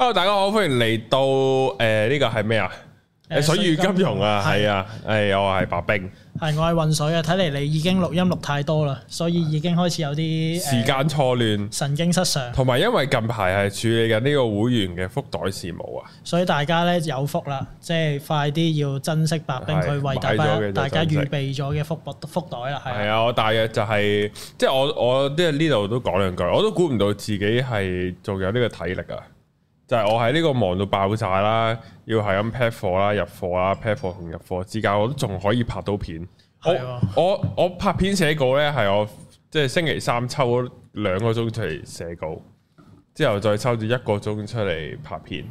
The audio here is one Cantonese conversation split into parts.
Hello，大家好，歡迎嚟到誒，呢個係咩啊？水與金融啊，係啊，誒，我係白兵，係我係渾水啊。睇嚟你已經錄音錄太多啦，所以已經開始有啲時間錯亂、神經失常，同埋因為近排係處理緊呢個會員嘅福袋事務啊，所以大家咧有福啦，即係快啲要珍惜白兵佢為大家大家預備咗嘅福袋福袋啦。係啊，我大約就係即係我我即係呢度都講兩句，我都估唔到自己係仲有呢個體力啊。就係我喺呢個忙到爆炸啦，要係咁 pat 貨啦、入貨啦、pat 貨同入貨，之間我都仲可以拍到片。是的 我我我拍片寫稿咧，係我即係星期三抽兩個鐘出嚟寫稿，之後再抽住一個鐘出嚟拍片，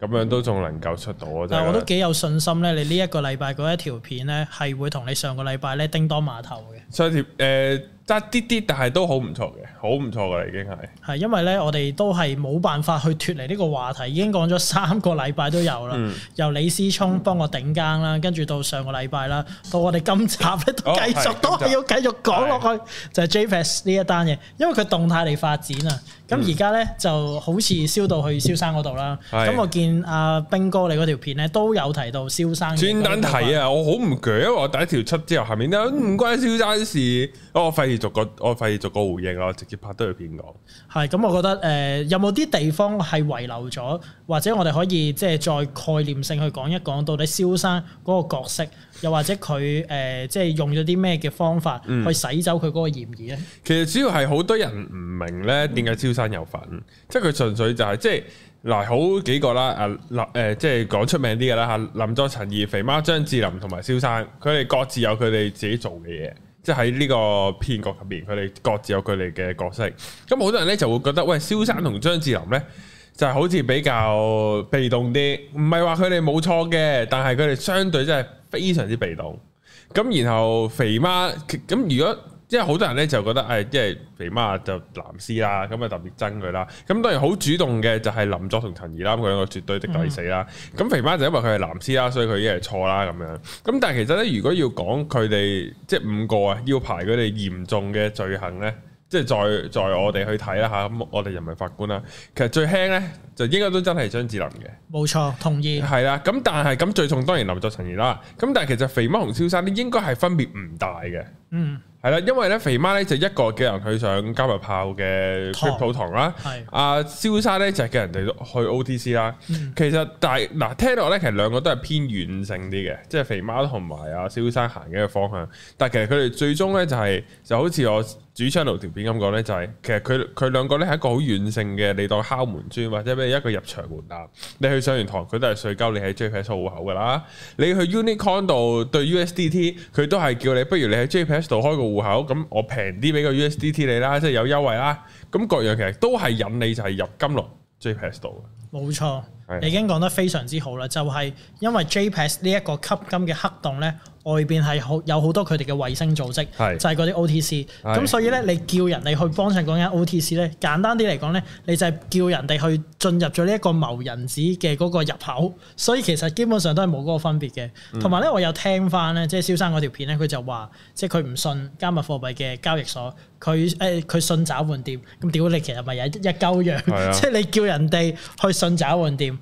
咁樣都仲能夠出到。就是、但係我都幾有信心咧，你呢一個禮拜嗰一條片咧，係會同你上個禮拜咧叮噹碼頭嘅。所以誒。呃得啲啲，但係都好唔錯嘅，好唔錯噶啦，已經係。係因為咧，我哋都係冇辦法去脱離呢個話題，已經講咗三個禮拜都有啦。嗯、由李思聰幫我頂更啦，跟住到上個禮拜啦，到我哋今集咧都繼續，哦、都係要繼續講落去，是就係 JPEX 呢一單嘢，因為佢動態嚟發展，嗯、啊。咁而家咧就好似燒到去蕭生嗰度啦。咁我見阿兵哥你嗰條片咧都有提到蕭生。專登睇啊！我好唔鋸，因為我第一條出之後，下面都唔關蕭生事。我、哦、費。逐個安反逐個回應啊，直接拍對片講。係咁，嗯，我覺得誒、呃，有冇啲地方係遺留咗，或者我哋可以即係再概念性去講一講，到底蕭生嗰個角色，又或者佢誒、呃，即係用咗啲咩嘅方法去洗走佢嗰個嫌疑咧，嗯？其實主要係好多人唔明咧，點解蕭生有份？嗯、即係佢純粹就係、是、即係嗱，好幾個啦，阿林誒，即係講出名啲嘅啦吓，林作、陳怡、肥媽、張智霖同埋蕭生，佢哋各自有佢哋自己做嘅嘢。即喺呢個騙局入面，佢哋各自有佢哋嘅角色。咁好多人呢就會覺得，喂，蕭生同張智霖呢，就係好似比較被動啲，唔係話佢哋冇錯嘅，但係佢哋相對真係非常之被動。咁然後肥媽，咁如果。即係好多人咧就覺得誒，即係肥媽就藍絲啦，咁啊特別憎佢啦。咁當然好主動嘅就係林作同陳怡啦，咁兩個絕對的抵死啦。咁、嗯、肥媽就因為佢係藍絲啦，所以佢一係錯啦咁樣。咁但係其實咧，如果要講佢哋即係五個啊，要排佢哋嚴重嘅罪行咧，即係在在我哋去睇啦嚇，咁我哋人民法官啦，其實最輕咧就應該都真係張智霖嘅，冇錯，同意。係啦，咁但係咁最重當然林作陳怡啦。咁但係其實肥媽同蕭生咧應該係分別唔大嘅，嗯。係啦，因為咧肥媽咧就一個嘅人去上加密炮嘅 Crypto 堂啦，阿蕭、啊是啊、生咧就係叫人哋去 OTC 啦、嗯。其實但係嗱，聽落咧其實兩個都係偏軟性啲嘅，即、就、係、是、肥媽同埋阿蕭生行嘅一個方向。但係其實佢哋最終咧就係、是、就好似我。主頻道條片咁講呢，就係其實佢佢兩個呢係一個好軟性嘅，你當敲門磚或者咩一個入場門檻。你去上完堂，佢都係稅交你喺 JPEX 開戶口噶啦。你去 Unicoin 度對 USDT，佢都係叫你不如你喺 JPEX 度開個戶口，咁我平啲俾個 USDT 你啦，即係有優惠啦。咁各樣其實都係引你就係入金落 JPEX 度。冇錯。已經講得非常之好啦，就係、是、因為 JPEX 呢一個吸金嘅黑洞咧，外邊係好有好多佢哋嘅衞星組織，是就係嗰啲 OTC。咁所以咧，你叫人哋去幫襯嗰間 OTC 咧，簡單啲嚟講咧，你就係叫人哋去進入咗呢一個謀人子嘅嗰個入口。所以其實基本上都係冇嗰個分別嘅。同埋咧，我有聽翻咧，即、就、係、是、蕭生嗰條片咧，佢就話，即係佢唔信加密貨幣嘅交易所，佢誒佢信找換店。咁屌你，其實咪有一一鳩樣？即係、啊、 你叫人哋去信找換店？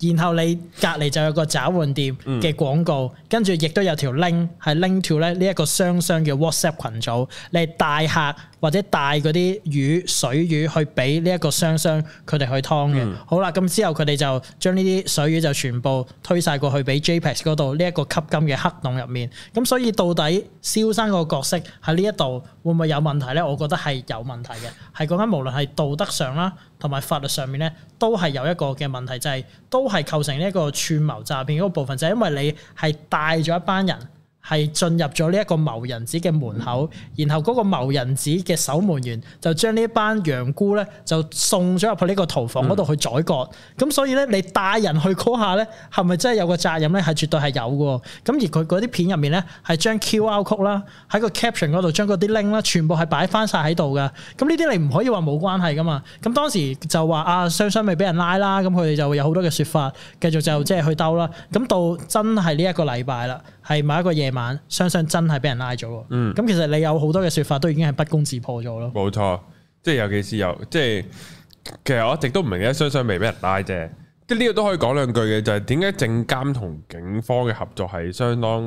然後你隔離就有個找換店嘅廣告，跟住亦都有條 link 係 link to 咧呢一個雙雙嘅 WhatsApp 羣組，你帶客或者帶嗰啲魚水魚去俾呢一個雙雙佢哋去劏嘅。嗯、好啦，咁之後佢哋就將呢啲水魚就全部推晒過去俾 JPEX 嗰度呢一、呢個吸金嘅黑洞入面。咁所以到底蕭生個角色喺呢一度會唔會有問題咧？我覺得係有問題嘅，係講緊無論係道德上啦，同埋法律上面咧，都係有一個嘅問題，就係、係、都，係構成呢一個串謀詐騙個部分，就係、是、因為你係帶咗一班人。係進入咗呢一個謀人寺嘅門口，然後嗰個謀人寺嘅守門員就將呢班羊牯咧就送咗入去呢個屠房嗰度去宰割。咁、嗯、所以咧，你帶人去 call 下咧，係咪真係有個責任咧？係絕對係有嘅。咁而佢嗰啲片入面咧，係將 QR Code 啦，喺個 caption 嗰度將嗰啲 link 啦，全部係擺翻晒喺度嘅。咁呢啲你唔可以話冇關係噶嘛？咁當時就話啊，雙雙咪俾人拉啦，咁佢哋就會有好多嘅說法，繼續就即係去兜啦。咁到真係呢一個禮拜啦。係某一個夜晚，雙雙真係俾人拉咗。嗯，咁其實你有好多嘅說法都已經係不攻自破咗咯。冇錯、嗯，即係尤其是有，即係其實我一直都唔明咧，雙雙未俾人拉啫。即係呢個都可以講兩句嘅，就係點解證監同警方嘅合作係相當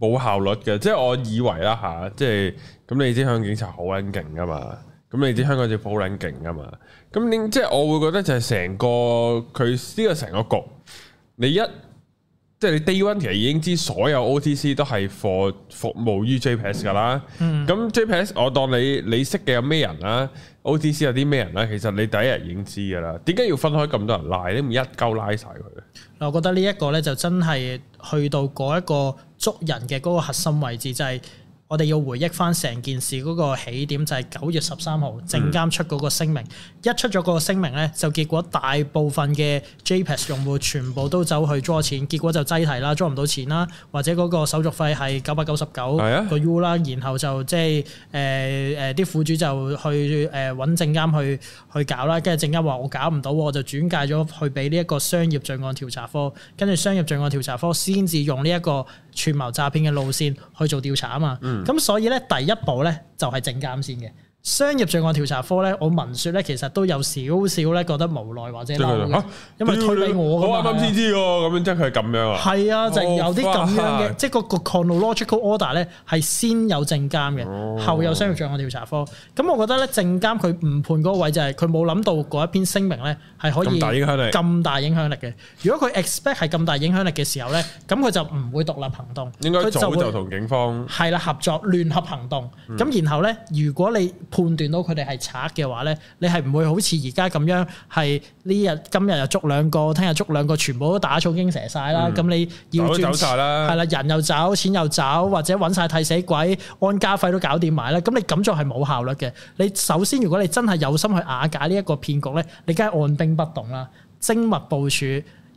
冇效率嘅？即係我以為啦吓，即係咁你知香港警察好撚勁噶嘛？咁你知香港政府好撚勁噶嘛？咁你即係我會覺得就係成個佢呢、這個成個局，你一。即係你 Day One 其實已經知所有 OTC 都係 for 服務於 JPEX 噶啦，咁、嗯、JPEX 我當你你識嘅有咩人啦、啊，OTC 有啲咩人啦、啊，其實你第一日已經知噶啦，點解要分開咁多人拉？你唔一鳩拉晒佢？嗱，我覺得呢一個咧就真係去到嗰一個捉人嘅嗰個核心位置就係、是。我哋要回憶翻成件事嗰個起點就係、是、九月十三號證監出嗰個聲明，嗯、一出咗嗰個聲明咧，就結果大部分嘅 JPEX 用戶全部都走去抓錢，結果就擠提啦，抓唔到錢啦，或者嗰個手續費係九百九十九個 U 啦的，然後就即係誒誒啲苦主就去誒揾證監去去搞啦，跟住證監話我搞唔到，我就轉介咗去俾呢一個商業罪案調查科，跟住商業罪案調查科先至用呢、這、一個。串謀、詐騙嘅路線去做調查啊嘛，咁、嗯、所以咧第一步咧就係、是、證監先嘅。商業罪案調查科咧，我聞説咧，其實都有少少咧覺得無奈或者嬲，啊、因為推俾我㗎嘛，好啱先知喎，咁樣即係咁樣啊。係啊，噢就有啲咁樣嘅，哇即係嗰個 chronological order 咧，係先有證監嘅，哦、後有商業罪案調查科。咁我覺得咧，證監佢誤判嗰位就係佢冇諗到嗰一篇聲明咧係可以咁大影響力，咁大影響力嘅。如果佢 expect 係咁大影響力嘅時候咧，咁佢就唔會獨立行動。應該早就同警方係啦、啊、合作聯合行動。咁、嗯、然後咧，如果你判斷到佢哋係賊嘅話咧，你係唔會好似而家咁樣，係呢日今日又捉兩個，聽日捉兩個，全部都打草驚蛇曬啦。咁你要走都走曬啦，係啦，人又走，錢又走，或者揾曬替死鬼，安家費都搞掂埋啦。咁你咁做係冇效率嘅。你首先，如果你真係有心去瓦解呢一個騙局咧，你梗係按兵不動啦，精密部署，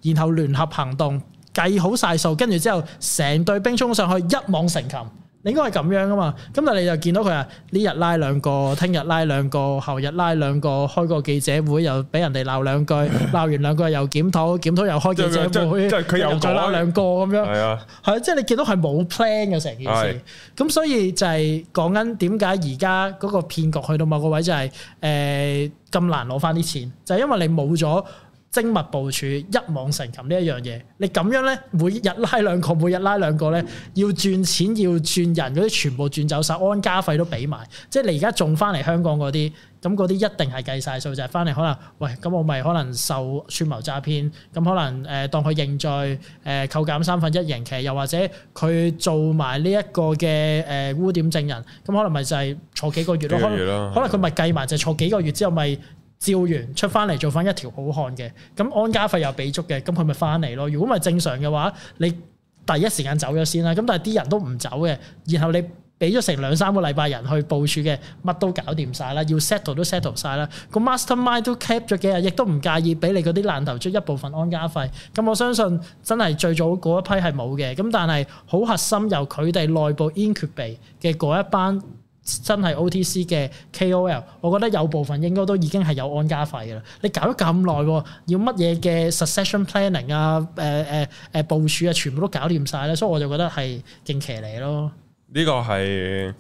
然後聯合行動，計好曬數，跟住之後成隊兵衝上去，一網成擒。你應該係咁樣㗎嘛，咁但你就見到佢啊，呢日拉兩個，聽日拉兩個，後日拉兩個，開個記者會又俾人哋鬧兩句，鬧完兩句又檢討，檢討又開記者會，即係佢又再拉兩個咁樣，係啊，係即係你見到係冇 plan 嘅成件事，咁所以就係講緊點解而家嗰個騙局去到某個位就係誒咁難攞翻啲錢，就係因為你冇咗。精密部署一網成擒呢一樣嘢，你咁樣咧，每日拉兩個，每日拉兩個咧，要轉錢要轉人嗰啲，全部轉走曬，安家費都俾埋。即係你而家仲翻嚟香港嗰啲，咁嗰啲一定係計晒數就係翻嚟。可能喂，咁我咪可能受串謀詐騙，咁可能誒、呃、當佢認罪，誒、呃、扣減三分一刑期，又或者佢做埋呢一個嘅誒污點證人，咁可能咪就係坐幾個月咯。月可能佢咪計埋就、就係、坐幾個月之後咪。招完出翻嚟做翻一條好漢嘅，咁安家費又俾足嘅，咁佢咪翻嚟咯。如果唔係正常嘅話，你第一時間走咗先啦。咁但係啲人都唔走嘅，然後你俾咗成兩三個禮拜人去部署嘅，乜都搞掂曬啦，要 settle 都 settle 曬啦，個 mastermind 都 cap 咗幾日，亦都唔介意俾你嗰啲爛頭出一部分安家費。咁我相信真係最早嗰一批係冇嘅，咁但係好核心由佢哋內部堅決備嘅嗰一班。真係 OTC 嘅 KOL，我覺得有部分應該都已經係有安家費嘅啦。你搞咗咁耐，要乜嘢嘅 succession planning 啊、呃、誒誒誒部署啊，全部都搞掂晒咧，所以我就覺得係勁騎呢咯。呢個係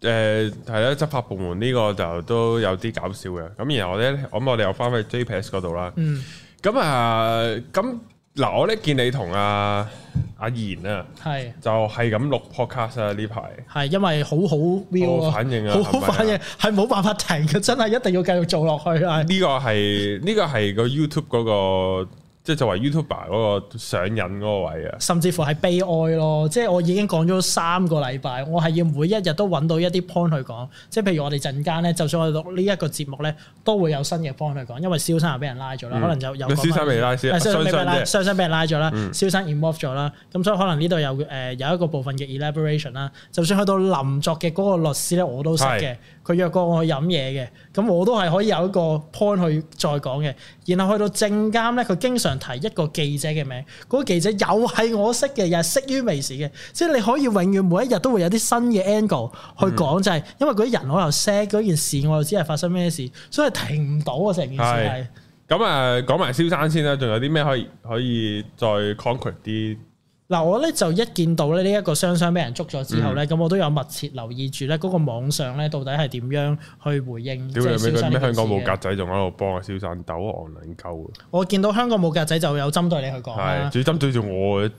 誒係咧執法部門呢個就都有啲搞笑嘅。咁然後咧，咁我哋又翻去 JPEX 嗰度啦。嗯。咁啊，咁。嗱，我咧見你同阿阿言啊，係、啊啊、是就係咁錄 podcast 啊呢排，係因為好好 view 反應啊，好好，好，好反應，係冇、啊、辦法停嘅，真係一定要繼續做落去啊！呢個係呢、呢個係 you、嗰個 YouTube 嗰個。即係作為 YouTuber 嗰個上癮嗰個位啊，甚至乎係悲哀咯。即係我已經講咗三個禮拜，我係要每一日都揾到一啲 point 去講。即係譬如我哋陣間咧，就算我哋錄呢一個節目咧，都會有新嘅 point 去講。因為蕭生又俾人拉咗啦，可能就有蕭生未拉，蕭生被拉，蕭生俾人拉咗啦，蕭生 involved 咗啦。咁所以可能呢度有誒有一個部分嘅 elaboration 啦。就算去到林作嘅嗰個律師咧，我都識嘅。佢約過我去飲嘢嘅，咁我都係可以有一個 point 去再講嘅。然後去到證監咧，佢經常提一個記者嘅名，嗰、嗰個記者又係我識嘅，又係識於微時嘅，即係你可以永遠每一日都會有啲新嘅 angle 去講，嗯、就係因為嗰啲人我又識，嗰件事我又知係發生咩事，所以停唔到啊！成件事係咁啊，講埋蕭生先啦，仲有啲咩可以可以再 concrete 啲？嗱、啊，我咧就一見到咧呢一個雙雙俾人捉咗之後咧，咁、嗯、我都有密切留意住咧嗰個網上咧到底係點樣去回應、嗯，即係蕭生呢啲事。香港冇格仔仲喺度幫啊，蕭生鬥昂兩鳩，我見到香港冇格仔就有針對你去講啦。係對，最、啊、針對住我。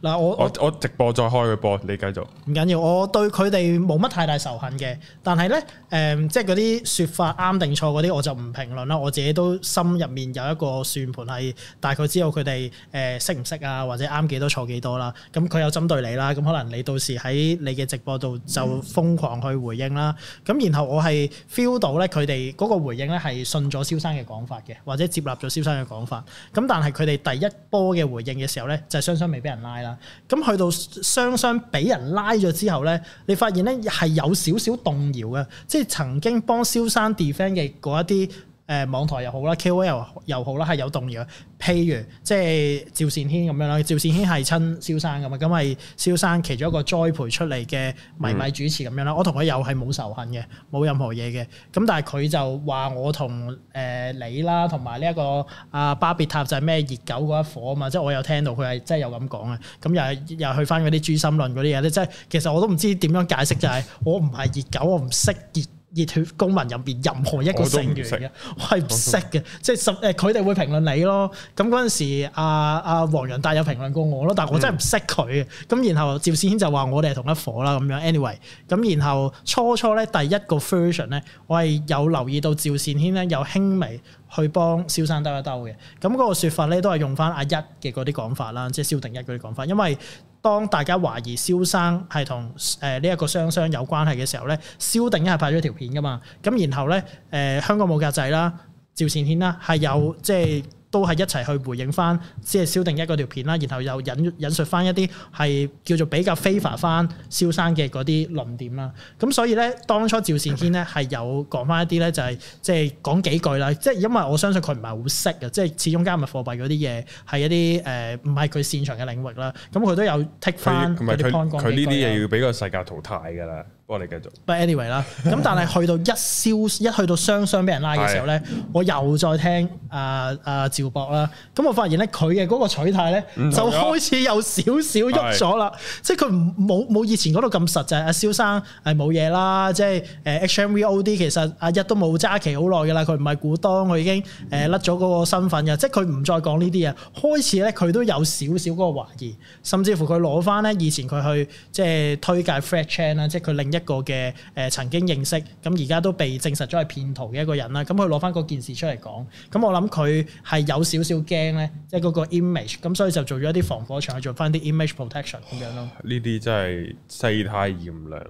嗱，我我直播再開個播，你繼續。唔緊要，我對佢哋冇乜太大仇恨嘅。但係咧，誒、嗯，即係嗰啲說法啱定錯啲，我就唔評論啦。我自己都心入面有一個算盤係大概知道佢哋誒識唔識啊，或者啱幾多錯幾多啦。咁、啊、佢有針對你啦，咁、啊、可能你到時喺你嘅直播度就瘋狂去回應啦。咁、嗯、然後我係 feel 到咧，佢哋嗰個回應咧係信咗蕭生嘅講法嘅，或者接納咗蕭生嘅講法。咁但係佢哋第一波嘅回應嘅時候咧，就係雙雙未俾人拉啦。咁去到雙雙俾人拉咗之後咧，你發現咧係有少少動搖嘅，即係曾經幫蕭生 defend 嘅嗰一啲。誒網台又好啦，KOL 又好啦，係有動搖。譬如即係趙善軒咁樣啦，趙善軒係親蕭生咁啊，咁係蕭生其中一個栽培出嚟嘅迷迷主持咁樣啦。嗯、我同佢又係冇仇恨嘅，冇任何嘢嘅。咁但係佢就話我同誒你啦，同埋呢一個阿巴別塔就係咩熱狗嗰一伙啊嘛，即係我有聽到佢係真係有咁講啊。咁又係又去翻嗰啲誅心論嗰啲嘢，即係其實我都唔知點樣解釋，就係、是、我唔係熱狗，我唔識熱熱血公民入邊任何一個成員嘅，我係唔識嘅， 即係十誒佢哋會評論你咯。咁嗰陣時，阿阿黃洋達有評論過我咯，但係我真係唔識佢嘅。咁、嗯、然後趙善軒就話我哋係同一伙啦咁樣。anyway，咁然後初初咧第一個 version 咧，我係有留意到趙善軒咧有輕微。去幫蕭生兜一兜嘅，咁、那、嗰個説法咧都係用翻阿一嘅嗰啲講法啦，即係蕭定一嗰啲講法，因為當大家懷疑蕭生係同誒呢一個雙雙有關係嘅時候咧，蕭定一係拍咗條片噶嘛，咁然後咧誒、呃、香港冇格仔啦，趙善軒啦係有、嗯、即係。都係一齊去回應翻，即係蕭定一嗰條片啦，然後又引引述翻一啲係叫做比較非法翻蕭生嘅嗰啲論點啦。咁所以咧，當初趙善軒咧係有講翻一啲咧，就係即係講幾句啦。即係因為我相信佢唔係好識啊，即係始終加密貨幣嗰啲嘢係一啲誒唔係佢擅長嘅領域啦。咁佢都有 take 翻佢佢呢啲嘢要俾個世界淘汰㗎啦。幫你繼續。But anyway 啦，咁但係去到一蕭一去到雙雙俾人拉嘅時候咧，的我又再聽阿阿、啊啊、趙博啦。咁、啊、我發現咧，佢嘅嗰個取態咧，就開始有少少喐咗啦。即係佢冇冇以前嗰度咁實際，就阿蕭生係冇嘢啦。即係誒 H M V O D 其實阿一、啊、都冇揸期好耐嘅啦。佢唔係股當，佢已經誒甩咗嗰個身份嘅。即係佢唔再講呢啲嘢，開始咧佢都有少少嗰個懷疑，甚至乎佢攞翻咧以前佢去即係推介 f r a t Chain 啦，即係佢另一。一個嘅誒、呃、曾經認識，咁而家都被證實咗係騙徒嘅一個人啦，咁佢攞翻嗰件事出嚟講，咁我諗佢係有少少驚咧，即係嗰個 image，咁所以就做咗一啲防火牆，做翻啲 image protection 咁樣咯。呢啲真係世態炎涼，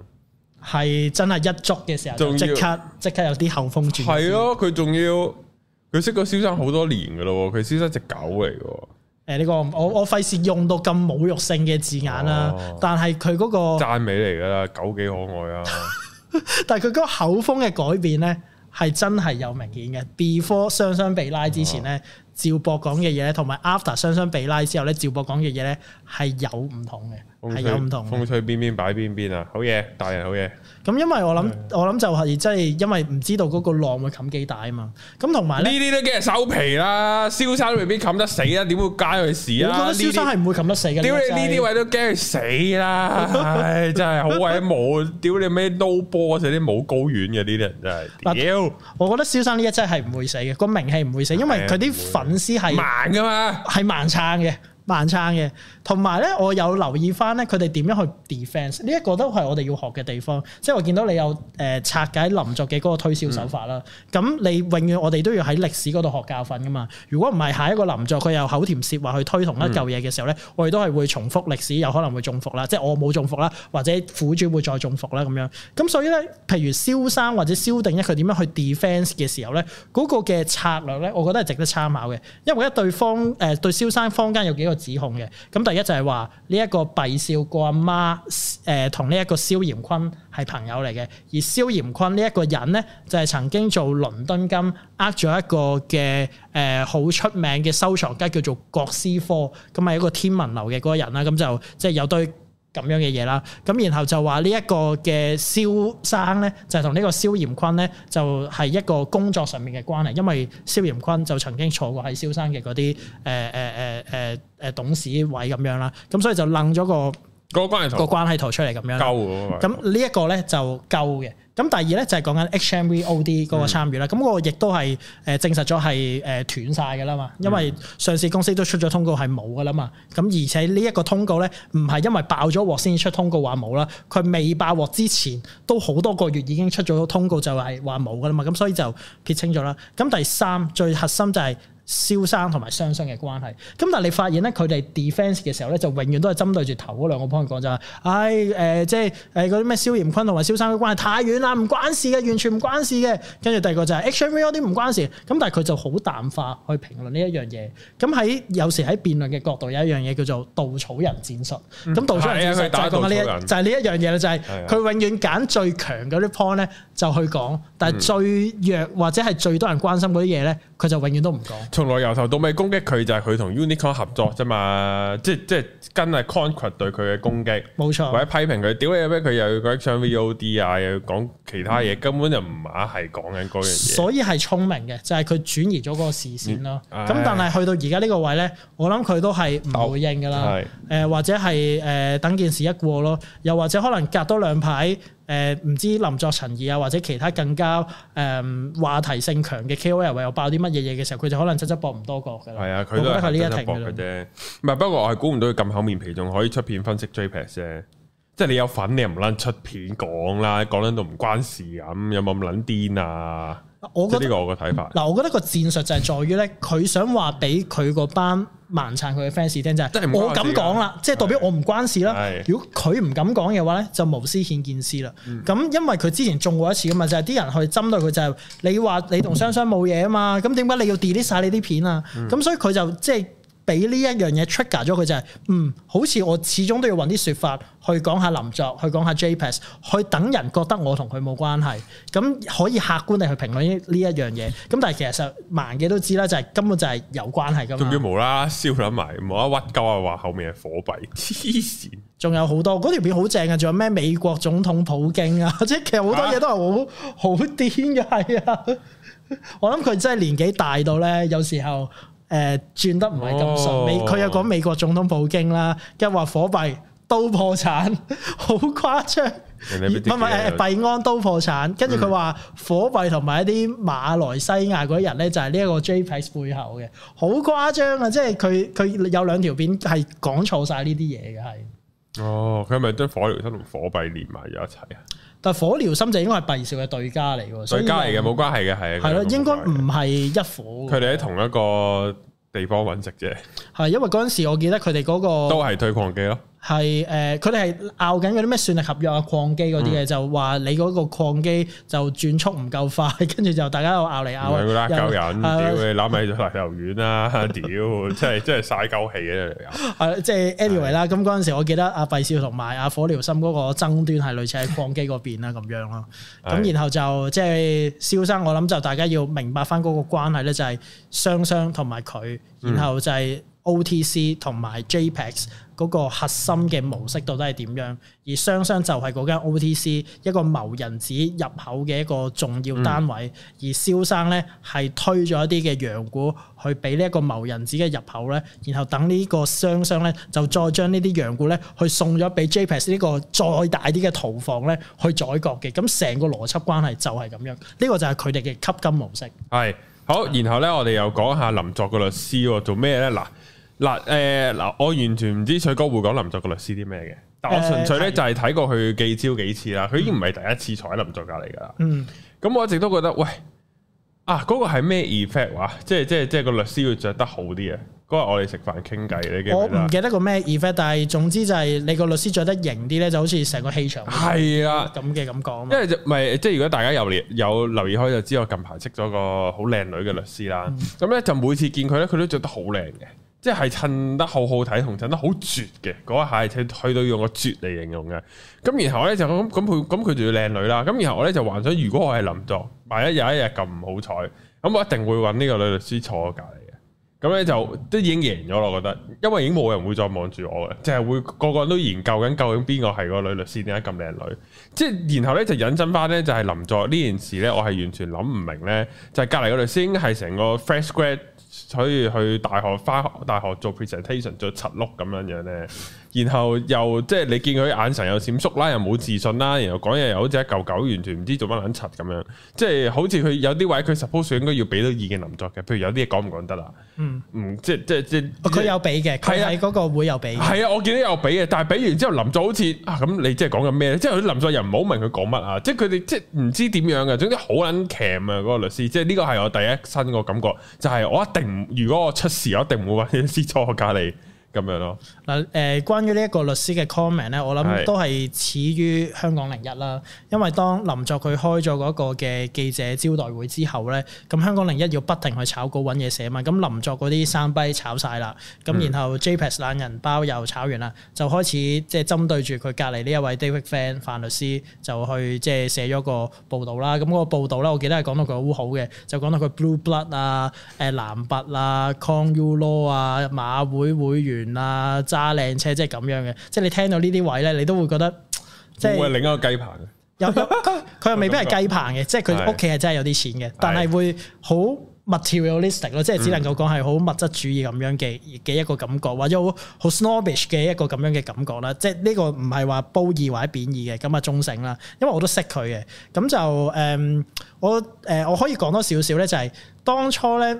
係真係一捉嘅時候就，即要刻即刻有啲後風轉。係咯、啊，佢仲要佢識個蕭生好多年噶咯，佢蕭生隻狗嚟噶。誒，呢個、欸、我我費事用到咁侮辱性嘅字眼啦，哦、但係佢嗰個讚美嚟噶啦，狗幾可愛啊！ 但係佢嗰口風嘅改變咧，係真係有明顯嘅。Before 雙雙被拉之前咧，趙、哦、博講嘅嘢，同埋 After 雙雙被拉之後咧，趙博講嘅嘢咧，係有唔同嘅。係有唔同，風吹邊邊擺邊邊啊，好嘢，大人好嘢。咁因為我諗，我諗就係真係，因為唔知道嗰個浪會冚幾大啊嘛。咁同埋呢啲都驚收皮啦，蕭生未必冚得死啊，點會加佢死啦？我覺得蕭生係唔會冚得死嘅。屌你呢啲位都驚佢死啦！唉，真係好鬼冇！屌你咩撈波，成啲冇高遠嘅呢啲人真係。屌，我覺得蕭生呢一真係唔會死嘅，個名氣唔會死，因為佢啲粉絲係盲噶嘛，係盲撐嘅。晚餐嘅，同埋咧，有我有留意翻咧，佢哋點樣去 defense 呢一個都係我哋要學嘅地方。即係我見到你有誒、呃、拆解林作嘅嗰個推銷手法啦。咁、嗯、你永遠我哋都要喺歷史嗰度學教訓噶嘛。如果唔係下一個林作佢又口甜舌滑去推同一嚿嘢嘅時候咧，嗯、我哋都係會重複歷史有可能會中伏啦，即係我冇中伏啦，或者苦主會再中伏啦咁樣。咁所以咧，譬如蕭生或者蕭定一佢點樣去 defense 嘅時候咧，嗰、那個嘅策略咧，我覺得係值得參考嘅，因為一對方誒、呃、對蕭生坊間有幾個指控嘅。咁第一就係話呢一個幣少個阿媽，誒同呢一個蕭炎坤係朋友嚟嘅，而蕭炎坤呢一個人咧就係曾經做倫敦金呃咗一個嘅誒好出名嘅收藏家，叫做郭斯科，咁係一個天文樓嘅嗰個人啦，咁就即係有對。咁樣嘅嘢啦，咁然後就話呢一個嘅蕭生咧，就係同呢個蕭炎坤咧，就係一個工作上面嘅關係，因為蕭炎坤就曾經坐過喺蕭生嘅嗰啲誒誒誒誒誒董事位咁樣啦，咁所以就愣咗個。個關係個關係圖出嚟咁樣，夠，咁呢一個咧就夠嘅。咁第二咧就係講緊 HMVOD 嗰個參與啦。咁我亦都係誒、呃、證實咗係誒斷晒噶啦嘛。因為上市公司都出咗通告係冇噶啦嘛。咁，而且呢一個通告咧唔係因為爆咗鑊先至出通告話冇啦，佢未爆鑊之前都好多個月已經出咗通告就係話冇噶啦嘛。咁所以就撇清咗啦。咁第三最核心就係、是。蕭生同埋雙生嘅關係，咁但係你發現咧，佢哋 defense 嘅時候咧，就永遠都係針對住頭嗰兩個 point 講真，唉、就是，誒、哎，即係誒嗰啲咩蕭炎坤同埋蕭生嘅關係太遠啦，唔關事嘅，完全唔關事嘅。跟住第二個就係 HMV 嗰啲唔關事，咁但係佢就好淡化去評論呢一樣嘢。咁喺有時喺辯論嘅角度，有一樣嘢叫做稻草人戰術。咁稻、嗯、草人戰術、嗯、就係講呢一就係呢一樣嘢啦，就係、是、佢的永遠揀最強嗰啲 point 咧就去講，但係最弱或者係最多人關心嗰啲嘢咧。佢就永遠都唔講，從來由頭到尾攻擊佢就係佢同 Unicoin 合作啫嘛，即、就、即、是就是、跟係 Conquer 對佢嘅攻擊，冇錯，或者批評佢屌你咩？佢又要講搶 VOD 啊，又要講其他嘢，嗯、根本就唔係一係講緊嗰樣嘢。所以係聰明嘅，就係、是、佢轉移咗嗰個視線咯。咁、嗯哎、但係去到而家呢個位咧，我諗佢都係唔會回應噶啦。誒、呃、或者係誒、呃、等件事一過咯，又或者可能隔多兩排。誒唔、呃、知林作陳怡啊，或者其他更加誒、呃、話題性強嘅 KOL，又爆啲乜嘢嘢嘅時候，佢就可能側側膊唔多覺㗎啦。係啊，佢都係呢一側側膊啫。唔係，不過我係估唔到佢咁厚面皮，仲可以出片分析 JPEX 啫。即係你有份，你又唔撚出片講啦，講撚到唔關事咁，有冇咁撚癲啊？我覺得呢個我嘅睇法，嗱、啊，我覺得個戰術就係在於咧，佢想話俾佢嗰班盲撐佢嘅 fans 聽就係、是，我，我敢講啦，即、就、係、是、代表我唔關事啦。是如果佢唔敢講嘅話咧，就無私獻見事啦。咁、嗯、因為佢之前中過一次㗎嘛，就係、是、啲人去針對佢就係、是，你話你同雙雙冇嘢啊嘛，咁點解你要 delete 晒你啲片啊？咁、嗯、所以佢就即係。就是俾呢一樣嘢 trigger 咗佢就係，嗯，好似我始終都要揾啲説法去講下林作，去講下 JPEX，a 去等人覺得我同佢冇關係，咁可以客觀地去評論呢一樣嘢。咁但係其實實盲嘅都知啦，就係根本就係有關係噶。咁要無啦啦燒捻埋，無啦屈鳩啊話後面係火幣，黐線。仲有好多嗰條片好正噶，仲有咩美國總統普京啊，即係其實好多嘢都係好好癲嘅係啊。我諗佢真係年紀大到呢，有時候。誒，轉得唔係咁順，美佢又講美國總統普京啦，跟住話火幣都破產，好誇張，唔唔誒幣安都破產，跟住佢話火幣同埋一啲馬來西亞嗰啲人咧，啊，就係呢一個 JPEX 背後嘅，好誇張啊！即係佢佢有兩條片係講錯晒呢啲嘢嘅。係哦，佢係咪將火藥同火幣連埋咗一齊啊？但係火燎心就應該係幣少嘅對家嚟喎，對家嚟嘅冇關係嘅的係。係咯，應該唔係一伙。佢哋喺同一個地方揾食啫。係因為嗰陣時，我記得佢哋嗰個都係退擴機咯。係，誒，佢哋係拗緊嗰啲咩算力合約啊、礦機嗰啲嘅，嗯、就話你嗰個礦機就轉速唔夠快，跟住就大家又拗嚟拗去。嗱，人，屌你攬米就油軟啦，屌、啊！ 真係真係嘥狗氣嘅又。即係 anyway 啦，咁嗰陣時我記得阿費少同埋阿火燎心嗰個爭端係類似喺礦機嗰邊啦，咁是 樣咯。咁是 然後就即係蕭生，我諗就大家要明白翻嗰個關係咧，就係、是、雙雙同埋佢，然後就係 OTC 同埋 JPEX。嗰個核心嘅模式到底係點樣？而雙雙就係嗰間 OTC 一個謀人子入口嘅一個重要單位，嗯、而蕭生咧係推咗一啲嘅羊牯去俾呢一個謀人子嘅入口咧，然後等呢個雙雙咧就再將呢啲羊牯咧去送咗俾 JPEX 呢個再大啲嘅屠房咧去宰割嘅。咁成個邏輯關係就係咁樣，呢、這個就係佢哋嘅吸金模式。係，好，然後咧我哋又講下林作個律師做咩咧嗱。.嗱，誒，嗱、呃，我完全唔知水哥會講林作個律師啲咩嘅，但我純粹咧、呃、就係睇過佢記招幾次啦，佢、嗯、已經唔係第一次坐喺林作隔離㗎啦。嗯，咁我一直都覺得，喂，啊，嗰、嗰個係咩 effect 話？即係即係即係個律師要着得好啲啊！嗰、那、日、個、我哋食飯傾偈咧，我唔記，記得個咩 effect，但係總之就係你個律師着得型啲咧，就好似成個氣場係啊咁嘅咁講。因為就咪、嗯就是、即係如果大家有有留意開就知我近排識咗個好靚女嘅律師啦。咁咧、嗯嗯、就每次見佢咧，佢都着得好靚嘅。即係襯得好好睇，同襯得好絕嘅嗰一下，佢去到用個絕嚟形容嘅。咁然後咧就咁咁佢咁佢就要靚女啦。咁然後我咧就幻想，如果我係林作，萬一有一日咁唔好彩，咁我一定會揾呢個女律師坐我隔籬。咁咧、嗯、就都已經贏咗咯，我覺得，因為已經冇人會再望住我嘅，即、就、係、是、會個個都研究緊究竟邊個係個女律師點解咁靚女，即係然後咧就引申翻咧就係、是、林作呢件事咧，我係完全諗唔明咧，就係隔離個律師應該係成個 fresh grad，所以去大學翻大，大學做 presentation 做七碌咁樣樣咧。 然後又即係你見佢眼神又閃縮啦，又冇自信啦，然後講嘢又好似一嚿狗，完全唔知做乜撚柒咁樣，即係好似佢有啲位佢 suppose 應該要俾到意見林作嘅，譬如有啲嘢講唔講得啊？嗯嗯，即係即係即佢有俾嘅，係啊，嗰個會有俾。係啊,啊，我見到有俾嘅，但係俾完之後林作好似啊咁，你即係講緊咩即係啲林作又唔好問佢講乜啊？即係佢哋即係唔知點樣嘅，總之好撚啊！個律師，即係呢個係我第一身個感覺，就係、是、我一定如果我出事，我一定唔會搵律師坐我隔籬。咁樣咯嗱，誒，關於呢一個律師嘅 comment 咧，我諗都係始於香港零一啦。因為當林作佢開咗嗰個嘅記者招待會之後咧，咁香港零一要不停去炒稿揾嘢寫嘛。咁林作嗰啲生坯炒晒啦，咁然後 JPEX 懶人包又炒完啦，嗯、就開始即係針對住佢隔離呢一位 David Fan 范律師就去即係寫咗個報道啦。咁嗰個報道咧，我記得係講到佢好好嘅，就講到佢 Blue Blood 啊，誒藍白啊，Con U Law 啊，馬會會員，員揸靚車，即係咁樣嘅，即係你聽到呢啲位咧，你都會覺得即係會係另一個雞棚嘅。佢又 未必係雞棚嘅，即係佢屋企係真係有啲錢嘅，但係會好 materialistic 咯，即係只能夠講係好物質主義咁樣嘅嘅一個感覺，嗯、或者好好 snobbish 嘅一個咁樣嘅感覺啦即係呢個唔係話褒義或者貶義嘅，咁啊中性啦。因為我都識佢嘅，咁就誒、嗯、我誒我、呃、我可以講多少少咧，就係當初咧。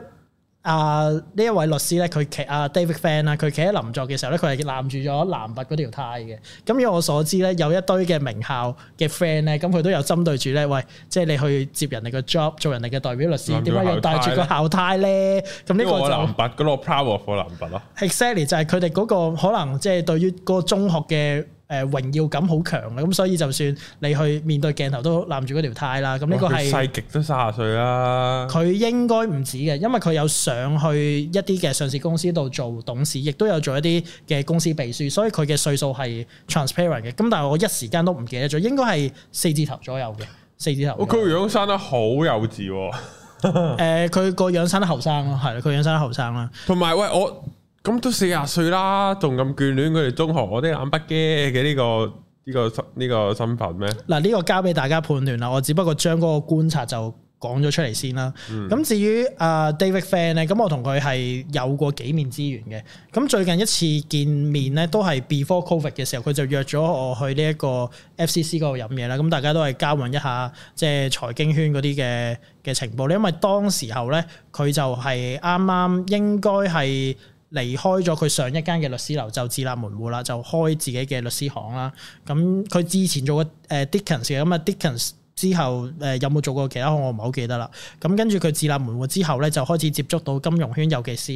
啊！呢一位律師咧，佢企阿 David Fan 啊，佢企喺林作嘅時候咧，佢係攬住咗男拔嗰條呔嘅。咁以我所知咧，有一堆嘅名校嘅 friend 咧，咁佢都有針對住咧，喂，即係你去接人哋嘅 job，做人哋嘅代表律師，點解要帶住個校呔咧？咁呢個就男拔嗰個 powerful 男拔咯。exactly 就係佢哋嗰個可能，即係對於嗰個中學嘅。誒榮耀感好強嘅，咁所以就算你去面對鏡頭都攬住嗰條呔啦。咁呢個係細極都三十歲啦。佢應該唔止嘅，因為佢有上去一啲嘅上市公司度做董事，亦都有做一啲嘅公司秘書，所以佢嘅歲數係 transparent 嘅。咁但係我一時間都唔記得咗，應該係四字頭左右嘅四字頭。佢個樣生得好幼稚喎。誒，佢個樣生得後生咯，係啦，佢樣生得後生啦。同埋喂，我。咁都四十歲啦，仲咁眷戀佢哋中學我啲眼筆嘅嘅呢個呢、這個這個身呢個身份咩？嗱、啊，呢、這個交俾大家判斷啦。我只不過將嗰個觀察就講咗出嚟先啦。咁、嗯、至於啊、uh, David Fan 咧，咁我同佢係有過幾面之緣嘅。咁最近一次見面咧，都係 before Covid 嘅時候，佢就約咗我去呢一個 FCC 嗰度飲嘢啦。咁大家都係交換一下即係財經圈嗰啲嘅嘅情報。因為當時候咧，佢就係啱啱應該係。離開咗佢上一間嘅律師樓，就自立門戶啦，就開自己嘅律師行啦。咁、嗯、佢之前做過誒 Dickens 嘅，咁、呃、啊 Dickens、嗯、Dickens 之後誒、呃、有冇做過其他行我唔係好記得啦。咁、嗯、跟住佢自立門戶之後咧，就開始接觸到金融圈，尤其是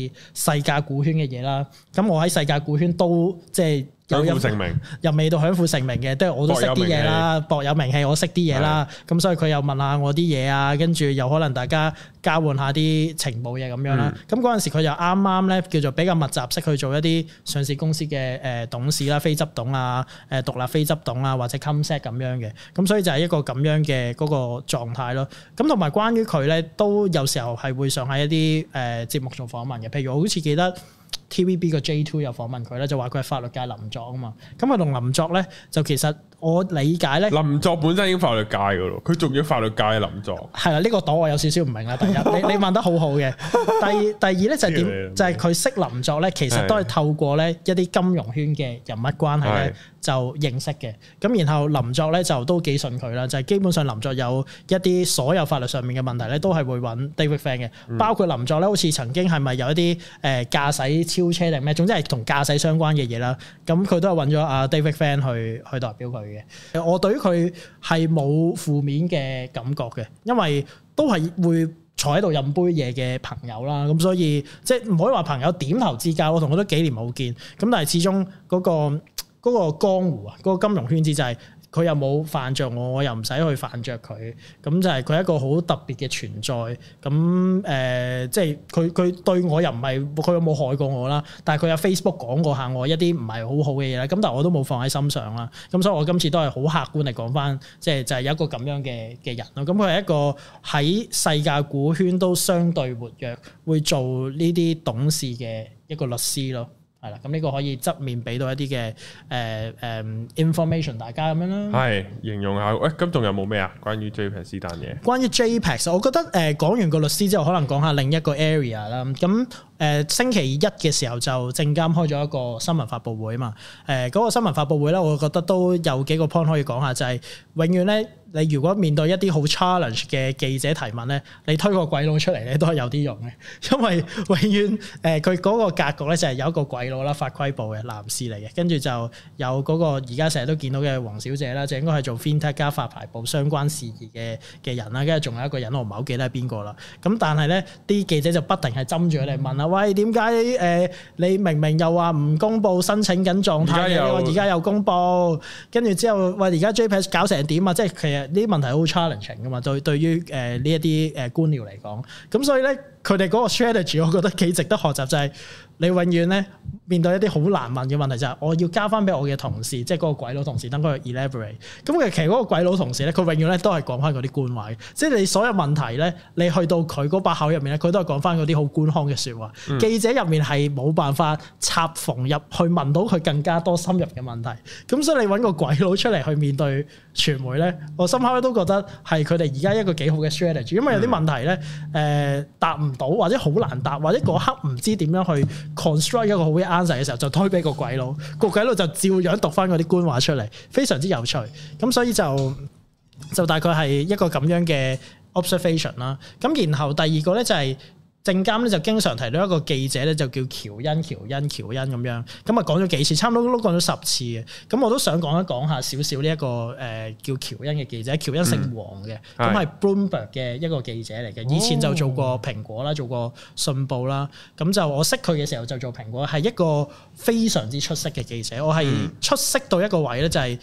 細價股圈嘅嘢啦。咁、嗯、我喺細價股圈都即係。又未到享富成名嘅，都係我都識啲嘢啦，博有名氣，我識啲嘢啦，咁的所以佢又問下我啲嘢啊，跟住又可能大家交換下啲情報嘢咁樣啦。咁嗰陣時佢又啱啱咧叫做比較密集式去做一啲上市公司嘅誒董事啦，非執董啊，誒獨立非執董啊，或者 comset 咁樣嘅，咁所以就係一個咁樣嘅嗰個狀態咯。咁同埋關於佢咧，都有時候係會上喺一啲誒節目做訪問嘅，譬如我好似記得。T.V.B. 嘅 J. Two 又訪問佢咧，就話佢係法律界林作啊嘛。咁佢同林作咧就其實我理解咧，林作本身已經法律界噶咯，佢做咩法律界嘅林作？係啦，呢個朵我有少少唔明啦。第一，你你問得好好嘅。第二，第二咧就點？就係佢識林作咧，其實都係透過咧一啲金融圈嘅人物關係咧就認識嘅。咁然後林作咧就都幾信佢啦。就係基本上林作有一啲所有法律上面嘅問題咧，都係會揾 David Fan 嘅。包括林作咧，好似曾經係咪有一啲誒駕駛飆車定咩？總之係同駕駛相關嘅嘢啦。咁佢都係揾咗阿 David Fan 去去代表佢嘅。我對於佢係冇負面嘅感覺嘅，因為都係會坐喺度飲杯嘢嘅朋友啦。咁所以即係唔可以話朋友點頭之交。我同佢都幾年冇見，咁但係始終嗰個嗰個江湖啊，嗰個金融圈子就係。佢又冇犯着我，我又唔使去犯着佢，咁就係佢一個好特別嘅存在。咁誒、呃，即係佢佢對我又唔係佢冇害過我啦，但係佢有 Facebook 講過下我一啲唔係好好嘅嘢啦。咁但係我都冇放喺心上啦。咁所以我今次都係好客觀嚟講翻，即係就係、是、有一個咁樣嘅嘅人咯。咁佢係一個喺世界股圈都相對活躍，會做呢啲董事嘅一個律師咯。係啦，咁呢、嗯這個可以側面俾到一啲嘅誒誒 information，大家咁樣啦。係、嗯，形容下，喂，咁仲有冇咩啊？關於 JPEX 單嘢。關於 JPEX，我覺得誒講、呃、完個律師之後，可能講下另一個 area 啦。咁、嗯。誒星期一嘅時候就證監開咗一個新聞發佈會啊嘛，誒嗰個新聞發佈會咧，我覺得都有幾個 point 可以講下，就係永遠咧，你如果面對一啲好 challenge 嘅記者提問咧，你推個鬼佬出嚟咧都係有啲用嘅，因為永遠誒佢嗰個格局咧就係有一個鬼佬啦，法規部嘅男士嚟嘅，跟住就有嗰個而家成日都見到嘅黃小姐啦，就應該係做 Fintech 加發牌部相關事宜嘅嘅人啦，跟住仲有一個人我唔係好記得係邊個啦，咁但係咧啲記者就不停係針住佢嚟問啊。喂，點解誒你明明又話唔公佈申請緊狀態嘅？而家又，又公佈，跟住之後喂，而家 JPEX 搞成點啊？即係其實呢啲問題好 challenging 噶嘛，對對於誒呢一啲誒官僚嚟講，咁所以咧。佢哋嗰個 strategy，我覺得幾值得學習，就係、是、你永遠咧面對一啲好難問嘅問題，就係、是、我要交翻俾我嘅同事，即係嗰個鬼佬同事，等佢 elaborate。咁其實嗰個鬼佬同事咧，佢永遠咧都係講翻嗰啲官話嘅，即、就、係、是、你所有問題咧，你去到佢嗰把口入面咧，佢都係講翻嗰啲好官腔嘅説話。嗯、記者入面係冇辦法插逢入去問到佢更加多深入嘅問題。咁所以你揾個鬼佬出嚟去面對傳媒咧，我心口都覺得係佢哋而家一個幾好嘅 strategy，因為有啲問題咧，誒、呃、答唔到或者好難答，或者嗰刻唔知點樣去 construct 一個好嘅 answer 嘅時候，就推俾個鬼佬，個鬼佬就照樣讀翻嗰啲官話出嚟，非常之有趣。咁所以就就大概係一個咁樣嘅 observation 啦。咁然後第二個咧就係、是。證監咧就經常提到一個記者咧就叫喬恩喬恩喬恩咁樣，咁啊講咗幾次，差唔多都講咗十次嘅，咁我都想講一講下少少呢一個誒、呃、叫喬恩嘅記者，喬恩姓黃嘅，咁係、嗯、Bloomberg 嘅一個記者嚟嘅，以前就做過蘋果啦，做過信報啦，咁就我識佢嘅時候就做蘋果，係一個非常之出色嘅記者，我係出色到一個位咧就係、是。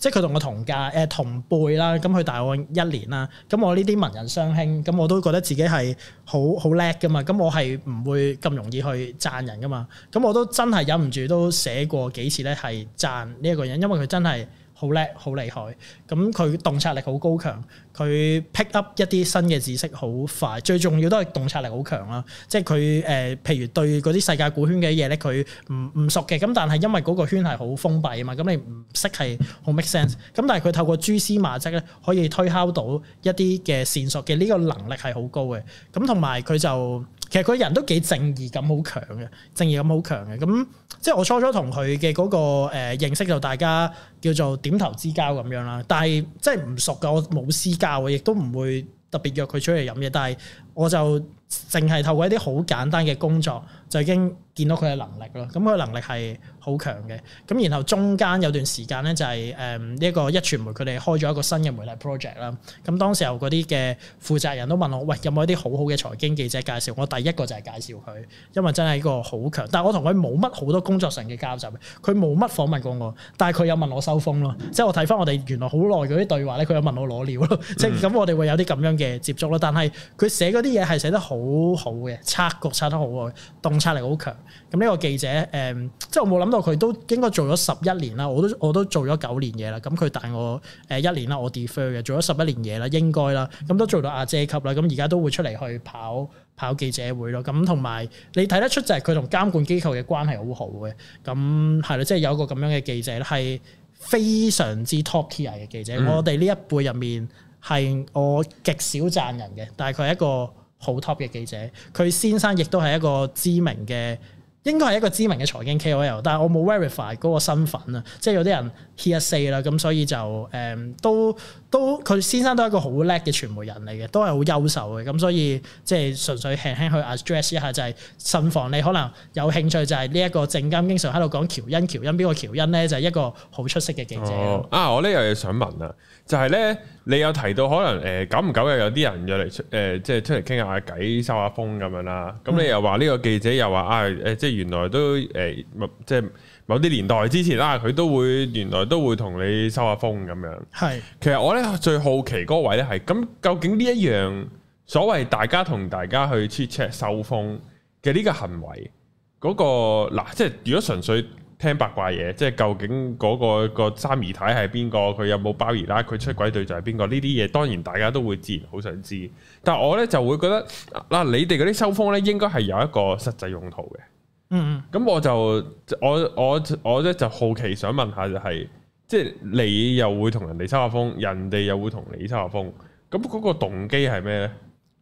即係佢同我同屆誒、欸、同輩啦，咁佢大我一年啦，咁我呢啲文人相輕，咁我都覺得自己係好好叻噶嘛，咁我係唔會咁容易去讚人噶嘛，咁我都真係忍唔住都寫過幾次咧係讚呢一個人，因為佢真係。好叻，好厲害！咁佢洞察力好高強，佢 pick up 一啲新嘅知識好快。最重要都係洞察力好強啦，即係佢誒，譬如對嗰啲世界古圈嘅嘢咧，佢唔唔熟嘅。咁但係因為嗰個圈係好封閉啊嘛，咁你唔識係好 make sense。咁但係佢透過蛛絲馬跡咧，可以推敲到一啲嘅線索嘅呢個能力係好高嘅。咁同埋佢就。其實佢人都幾正義感好強嘅，正義感好強嘅。咁即係我初初同佢嘅嗰個誒、呃、認識就大家叫做點頭之交咁樣啦。但係即係唔熟嘅，我冇私交，亦都唔會特別約佢出嚟飲嘢。但係我就淨係透過一啲好簡單嘅工作，就已經見到佢嘅能力咯，咁佢嘅能力係好強嘅。咁然後中間有段時間咧、就係，就係誒呢一個一傳媒佢哋開咗一個新嘅媒體 project 啦。咁當時候嗰啲嘅負責人都問我，喂有冇一啲好好嘅財經記者介紹？我第一個就係介紹佢，因為真係一個好強。但係我同佢冇乜好多工作上嘅交集，佢冇乜訪問過我，但係佢有問我收風咯，即係我睇翻我哋原來好耐嗰啲對話咧，佢有問我攞料咯，嗯、即係咁我哋會有啲咁樣嘅接觸咯。但係佢寫嗰啲嘢係寫得好冊冊得好嘅，策局策得好喎，察力好強，咁呢個記者誒、嗯，即係我冇諗到佢都應該做咗十一年啦，我都我都做咗九年嘢啦，咁佢帶我誒一年啦，我 defer 嘅，做咗十一年嘢啦，應該啦，咁都做到阿姐級啦，咁而家都會出嚟去跑跑記者會咯，咁同埋你睇得出就係佢同監管機構嘅關係好好嘅，咁係咯，即係、就是、有一個咁樣嘅記者咧，係非常之 top tier 嘅記者，嗯、我哋呢一輩入面係我極少讚人嘅，但係佢係一個。好 top 嘅記者，佢先生亦都係一個知名嘅，應該係一個知名嘅財經 KOL，但係我冇 verify 嗰個身份啊，即係有啲人 hearsay 啦，咁所以就誒、嗯、都都佢先生都係一個好叻嘅傳媒人嚟嘅，都係好優秀嘅，咁所以即係純粹輕輕去 address 一下就係、是、慎防你可能有興趣就係呢、就是、一個證監經常喺度講喬恩喬恩邊個喬恩咧，就係一個好出色嘅記者、哦、啊！我呢樣嘢想問啊。就係咧，你有提到可能誒、呃、久唔久又有啲人約嚟出誒、呃，即係出嚟傾下偈收下風咁樣啦。咁、嗯、你又話呢個記者又話啊誒，即係原來都誒、呃，即係某啲年代之前啦，佢、啊、都會原來都會同你收下風咁樣。係是，其實我咧最好奇嗰位咧係，咁究竟呢一樣所謂大家同大家去 check check 收風嘅呢個行為嗰、嗰個嗱，即係如果純粹。聽八卦嘢，即係究竟嗰個個三姨太係邊個，佢有冇包二奶，佢出軌對象係邊個？呢啲嘢當然大家都會自然好想知，但係我咧就會覺得嗱，你哋嗰啲收風咧，應該係有一個實際用途嘅。嗯，咁我就我我我咧就好奇想問下，就係即係你又會同人哋收下風，人哋又會同你收下風，咁嗰個動機係咩咧？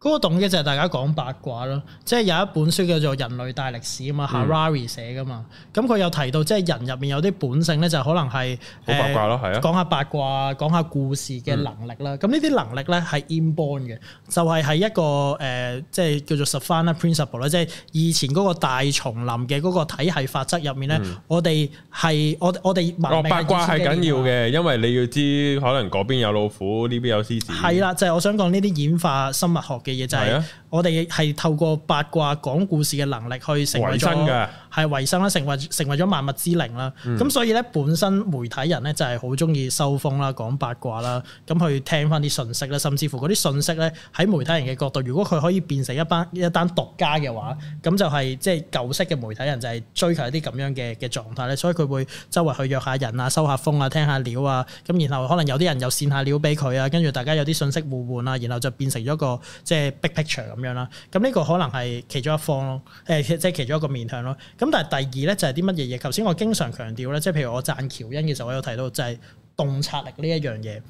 嗰個懂嘅就係大家講八卦咯，即係有一本書叫做《人類大歷史》啊嘛，哈拉瑞寫噶嘛，咁佢又提到即係人入面有啲本性咧，就可能係好八卦咯，係啊，講下八卦，講下故事嘅能力啦。咁呢啲能力咧係 inborn 嘅，就係、是、喺一個誒、呃，即係叫做 subordinate principle 咧，即係以前嗰個大叢林嘅嗰個體系法則入面咧、嗯，我哋係我我哋哦八卦係緊要嘅，因為你要知可能嗰邊有老虎，呢邊有獅子。係啦、啊，就係、是、我想講呢啲演化生物學。嘅嘢就係、是、我哋係透過八卦講故事嘅能力去成為真嘅。係維生啦，成為成為咗萬物之靈啦。咁、嗯、所以咧，本身媒體人咧就係好中意收風啦、講八卦啦，咁去聽翻啲信息啦，甚至乎嗰啲信息咧，喺媒體人嘅角度，如果佢可以變成一班一單獨家嘅話，咁就係即係舊式嘅媒體人就係追求一啲咁樣嘅嘅狀態咧。所以佢會周圍去約下人啊，收下風啊，聽下料啊，咁然後可能有啲人又線下料俾佢啊，跟住大家有啲信息互換啊，然後就變成咗個即係 big picture 咁樣啦。咁呢個可能係其中一方咯，即、呃、係、就係、其中一個面向咯。咁咁但係第二咧就係啲乜嘢嘢？頭先我經常強調咧，即係譬如我讚喬恩嘅時候，我有提到就係洞察力呢一樣嘢。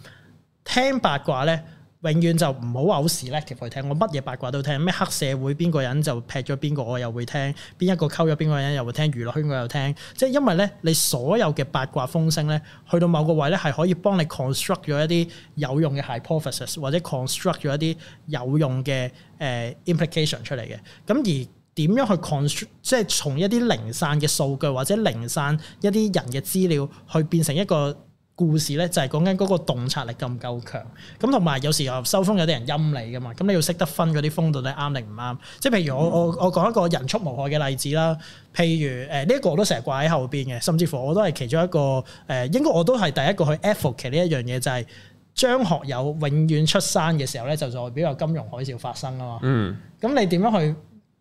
聽八卦咧，永遠就唔好話好 selective 去聽。我乜嘢八卦都聽，咩黑社會邊個人就劈咗邊個，我又會聽。邊一個溝咗邊個人又會聽，娛樂圈我又聽。即係因為咧，你所有嘅八卦風聲咧，去到某個位咧，係可以幫你 construct 咗一啲有用嘅 hypothesis，或者 construct 咗一啲有用嘅誒、呃、implication 出嚟嘅。咁而點樣去 construct 即係從一啲零散嘅數據或者零散一啲人嘅資料，去變成一個故事咧，就係講緊嗰個洞察力夠唔夠強。咁同埋有時候收風，有啲人陰你噶嘛，咁你要識得分嗰啲風到底啱定唔啱。即係譬如我我我講一個人畜無害嘅例子啦，譬如誒呢一個我都成日掛喺後邊嘅，甚至乎我都係其中一個誒、呃，應該我都係第一個去 effort 嘅呢一樣嘢、就是，就係張學友永遠出山嘅時候咧，就代表有金融海嘯發生啊嘛。嗯，咁你點樣去？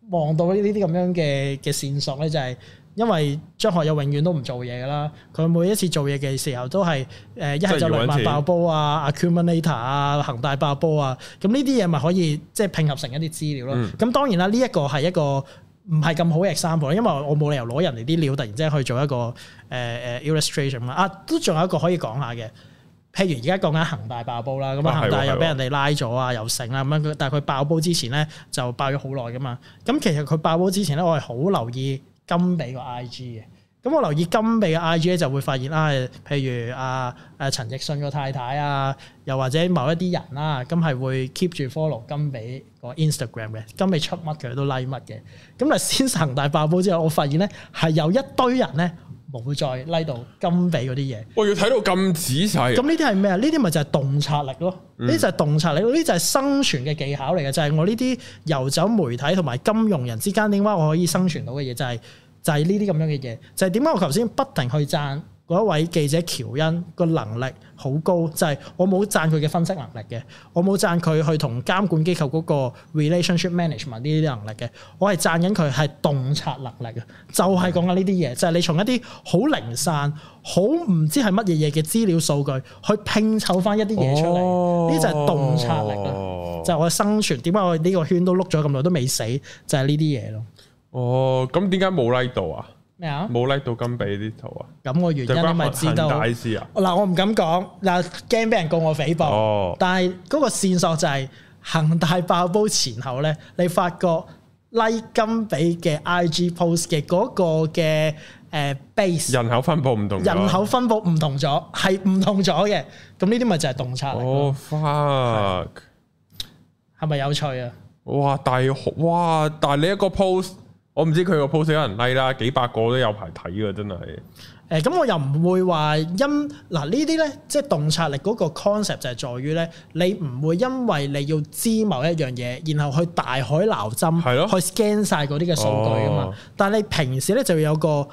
望到呢啲咁樣嘅嘅線索咧，就係因為張學友永遠都唔做嘢㗎啦。佢每一次做嘢嘅時候都，都係誒一係就雷曼爆煲啊，accumulator 啊，恒、um 啊、大爆煲啊。咁呢啲嘢咪可以即係、就是、拼合成一啲資料咯。咁、嗯、當然啦，呢一個係一個唔係咁好 example，因為我冇理由攞人哋啲料突然之間去做一個誒誒、呃呃、illustration 啊，都仲有一個可以講下嘅。譬如而家講緊恒大爆煲啦，咁啊恒大又俾人哋拉咗啊，又剩啦咁樣。但係佢爆煲之前咧，就爆咗好耐噶嘛。咁其實佢爆煲之前咧，我係好留意甘比個 IG 嘅。咁我留意甘比嘅 IG 咧，就會發現啦，譬如阿誒陳奕迅個太太啊，又或者某一啲人啦，咁係會 keep 住 follow 甘比個 Instagram 嘅。甘比出乜佢都 like 乜嘅。咁但先恒大爆煲之後，我發現咧係有一堆人咧。冇再拉、like、到金幣嗰啲嘢，我要睇到咁仔細。咁呢啲係咩？呢啲咪就係洞察力咯。呢、嗯、就係洞察力，呢就係生存嘅技巧嚟嘅。就係、係、我呢啲遊走媒體同埋金融人之間，點解我可以生存到嘅嘢、就係，就係就係呢啲咁樣嘅嘢。就係點解我頭先不停去贊。嗰一位記者喬恩個能力好高，就係、是、我冇贊佢嘅分析能力嘅，我冇贊佢去同監管機構嗰個 relationship management 呢啲能力嘅，我係贊緊佢係洞察能力嘅，就係、是、講緊呢啲嘢，就係、是、你從一啲好零散、好唔知係乜嘢嘢嘅資料數據去拼湊翻一啲嘢出嚟，呢啲、哦、就係洞察力啊！就係、我嘅生存點解我呢個圈都碌咗咁耐都未死，就係呢啲嘢咯。哦，咁點解冇拉到啊？咩啊？冇 like 到金比啲圖啊？咁我原因咪知道？恒大啊！嗱，我唔敢講，嗱，驚俾人告我誹謗。哦。但係嗰個線索就係恒大爆煲前後咧，你發覺 like 金比嘅 IG post 嘅嗰個嘅誒、呃、base 人口分布唔同人口分布唔同咗，係唔同咗嘅。咁呢啲咪就係洞察。好，fuck！係咪有趣啊？哇！但係哇！但係你一個 post。我唔知佢個 post 有人 like 啦，幾百個都有排睇噶，真係。誒、欸，咁我又唔會話因嗱呢啲咧，即係洞察力嗰個 concept 就係在於咧，你唔會因為你要知某一樣嘢，然後去大海撈針，係咯的，去 scan 晒嗰啲嘅數據啊嘛。哦、但係你平時咧，就會有個誒，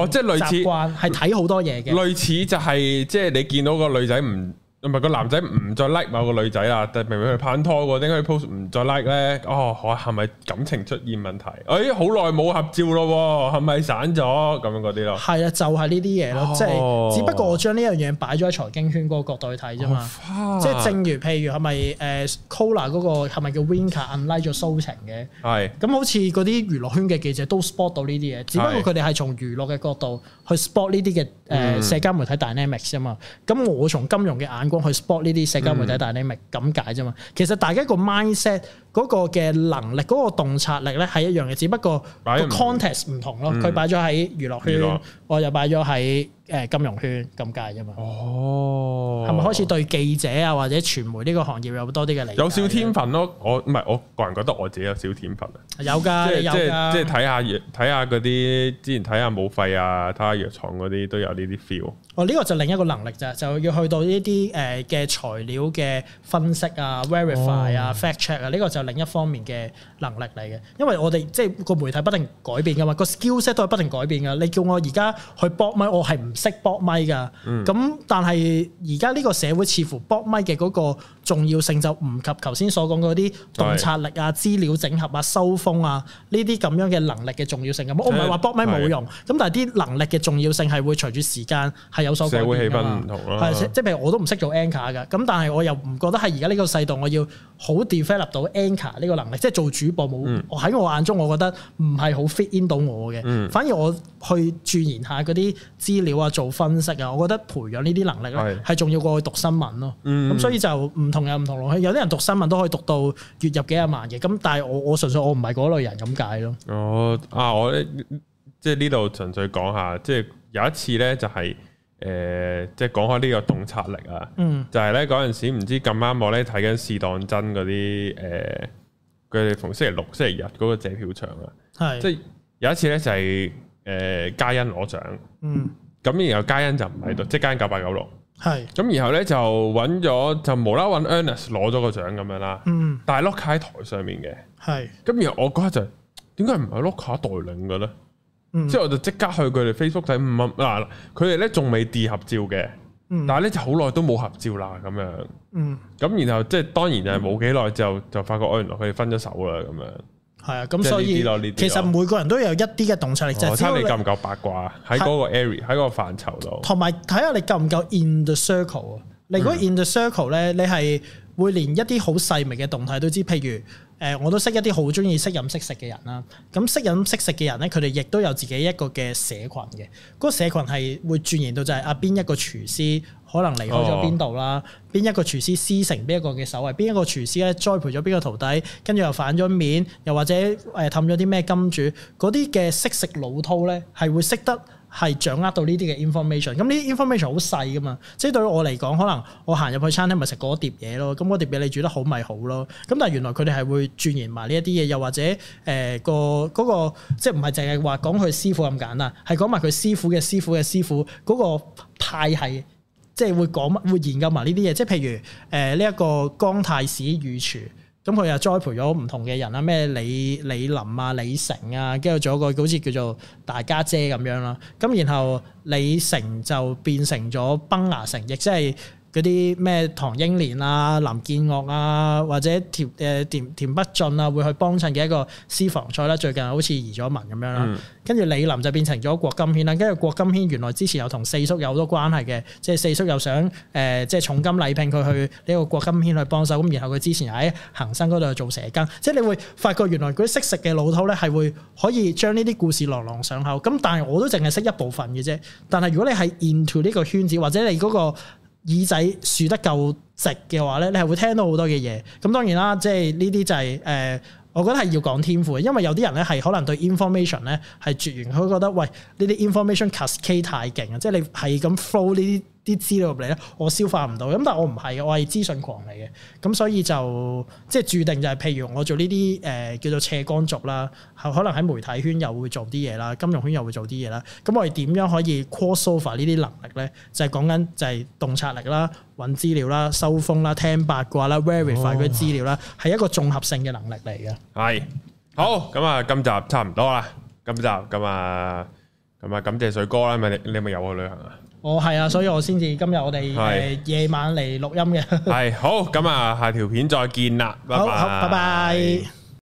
哦，即係類似，慣係睇好多嘢嘅。類似就係、是、即係你見到個女仔唔。唔係個男仔唔再 like 某個女仔啦，但明明佢拍緊拖喎，點解佢 post 唔再 like 咧？哦，係咪感情出現問題？誒、哎，好耐冇合照咯，係咪散咗咁樣嗰啲咯？係啊，就係呢啲嘢咯，哦、即係只不過我將呢樣嘢擺咗喺財經圈嗰個角度去睇啫嘛。哦、即係正如，譬如係咪誒 Kola 嗰個係咪叫 Winca unlike 咗蘇情嘅？係咁是好似嗰啲娛樂圈嘅記者都 spot 到呢啲嘢，是只不過佢哋係從娛樂嘅角度去 spot 呢啲嘅誒、uh, 社交媒體 dynamics 啫嘛、嗯。咁我從金融嘅眼。去 sport 呢啲社交媒體 ic，嗯，但你咪咁解啫嘛。其實大家 mind set, 個 mindset 嗰個嘅能力，嗰、嗰個洞察力咧係一樣嘅，只不過個 context 唔同咯。佢擺咗喺娛樂圈，樂我又擺咗喺。誒金融圈咁解啫嘛，係咪開始對記者啊或者傳媒呢個行業有多啲嘅理解？有少天分咯，我唔係我個人覺得我自己有少天分啊，有㗎，有㗎，即係睇下藥，睇下嗰啲之前睇下武肺啊，睇下藥廠嗰啲都有呢啲 feel。哦，呢個就另一個能力啫，就要去到呢啲誒嘅材料嘅分析啊，verify 啊，fact check 啊，呢個就另一方面嘅能力嚟嘅。因為我哋即係個媒體不停改變噶嘛，個 skill set 都係不停改變噶。你叫我而家去博咩？我係唔～識搏咪噶，咁、嗯、但係而家呢個社會似乎搏咪嘅個重要性就唔及頭先所講啲洞察力啊、資的料整合啊、收風啊呢啲咁樣嘅能力嘅重要性咁。的我唔係話搏咪冇用，咁的但係啲能力嘅重要性係會隨住時間係有所改變噶嘛。社會氣氛唔同啦。係即係譬如我都唔識做 anchor 噶，咁但係我又唔覺得係而家呢個世道我要好 develop 到 anchor 呢個能力，即、就、係、是、做主播冇喺、嗯、我眼中，我覺得唔係好 fit in 到我嘅。嗯、反而我去鑽研下啲資料啊。做分析啊！我覺得培養呢啲能力咧，係仲要過去讀新聞咯。咁、嗯、所以就唔同又唔同路，有啲人讀新聞都可以讀到月入幾廿萬嘅。咁但係我我純粹我唔係嗰類人咁解咯。哦啊！我咧即係呢度純粹講下，即係有一次咧就係、是、誒、呃，即係講開呢個洞察力啊。嗯，就係咧嗰陣時唔知咁啱我咧睇緊試當真嗰啲誒，佢、呃、哋逢星期六、星期日嗰個謝票場啊。係是即係有一次咧就係誒嘉欣攞獎。嗯。咁然後嘉欣就唔喺度，即刻九八九六。係。咁然後咧就揾咗就無啦揾 Ernest 攞咗個獎咁樣啦。嗯。但係 Locker 喺台上面嘅。係是。咁然後我嗰刻就點解唔係 Locke、er、代領嘅咧？嗯、之後我就即刻去佢哋 Facebook 睇五蚊嗱，佢哋咧仲未 del 合照嘅。但係咧就好耐都冇合照啦咁樣。嗯。咁、啊嗯、然後即係當然就係冇幾耐之後就就發覺哦原來佢哋分咗手啦咁樣。係啊，咁所以其實每個人都有一啲嘅洞察力，哦、就係睇你夠唔夠八卦喺嗰個 area 喺個範疇度。同埋睇下你夠唔夠 in the circle、嗯。你如果 in the circle 咧，你係會連一啲好細微嘅動態都知。譬如誒，我都識一啲好鍾意識飲識食嘅人啦。咁識飲識食嘅人咧，佢哋亦都有自己一個嘅社群嘅。嗰、嗰個社群係會轉型到就係阿邊一個廚師。可能離開咗邊度啦？邊一個廚師師承邊一個嘅手藝？邊一個廚師咧栽培咗邊個徒弟？跟住又反咗面，又或者誒氹咗啲咩金主？嗰啲嘅識食老饕咧，係會識得係掌握到呢啲嘅 information。咁呢啲 information 好細噶嘛？即係對於我嚟講，可能我行入去餐廳咪食嗰碟嘢咯。咁嗰碟俾你煮得好咪好咯。咁但係原來佢哋係會鑽研埋呢一啲嘢，又或者誒、呃嗰個嗰、嗰個即係唔係淨係話講佢師傅咁簡單，係講埋佢師傅嘅師傅嘅師傅嗰個派系。即係會講，會研究埋呢啲嘢，即係譬如誒呢一個江太史御廚，咁佢又栽培咗唔同嘅人啦，咩李李林啊、李成啊，跟住仲有一個好似叫做大家姐咁樣啦，咁然後李成就變成咗崩牙成，亦即係。嗰啲咩唐英年啊、林建岳啊，或者田誒田田北俊啊，會去幫襯嘅一個私房菜啦。最近好似移咗民咁樣啦，跟住、嗯、李林就變成咗國金軒啦。跟住國金軒原來之前又同四叔有好多關係嘅，即係四叔又想誒、呃，即係重金禮聘佢去呢個國金軒去幫手。咁然後佢之前又喺恆生嗰度做蛇羹，即係你會發覺原來嗰啲識食嘅老饕咧，係會可以將呢啲故事朗朗上口。咁但係我都淨係識一部分嘅啫。但係如果你係 into 呢個圈子，或者你嗰、嗰個。耳仔豎得夠直嘅話咧，你係會聽到好多嘅嘢。咁當然啦，即係呢啲就係、是、誒、呃，我覺得係要講天賦，因為有啲人咧係可能對 information 咧係絕緣，佢會覺得，喂，呢啲 information cascade 太勁啊，即係你係咁 flow 呢啲。啲資料入嚟咧，我消化唔到。咁但係我唔係嘅，我係資訊狂嚟嘅。咁所以就即係註定就係，譬如我做呢啲誒叫做斜光族啦，可能喺媒體圈又會做啲嘢啦，金融圈又會做啲嘢啦。咁我哋點樣可以 cover 呢啲能力咧？就係、是、講緊就係洞察力啦、揾資料啦、收風啦、聽八卦啦、verify 嗰啲資料啦，係、哦、一個綜合性嘅能力嚟嘅。係好咁啊、嗯！今集差唔多啦，今集咁啊咁啊，感謝水哥啦。咪你你咪有去旅行啊？我係啊，所以我先至今日我哋夜晚嚟錄音嘅。係好，咁啊，uh，下條片再見啦，拜拜。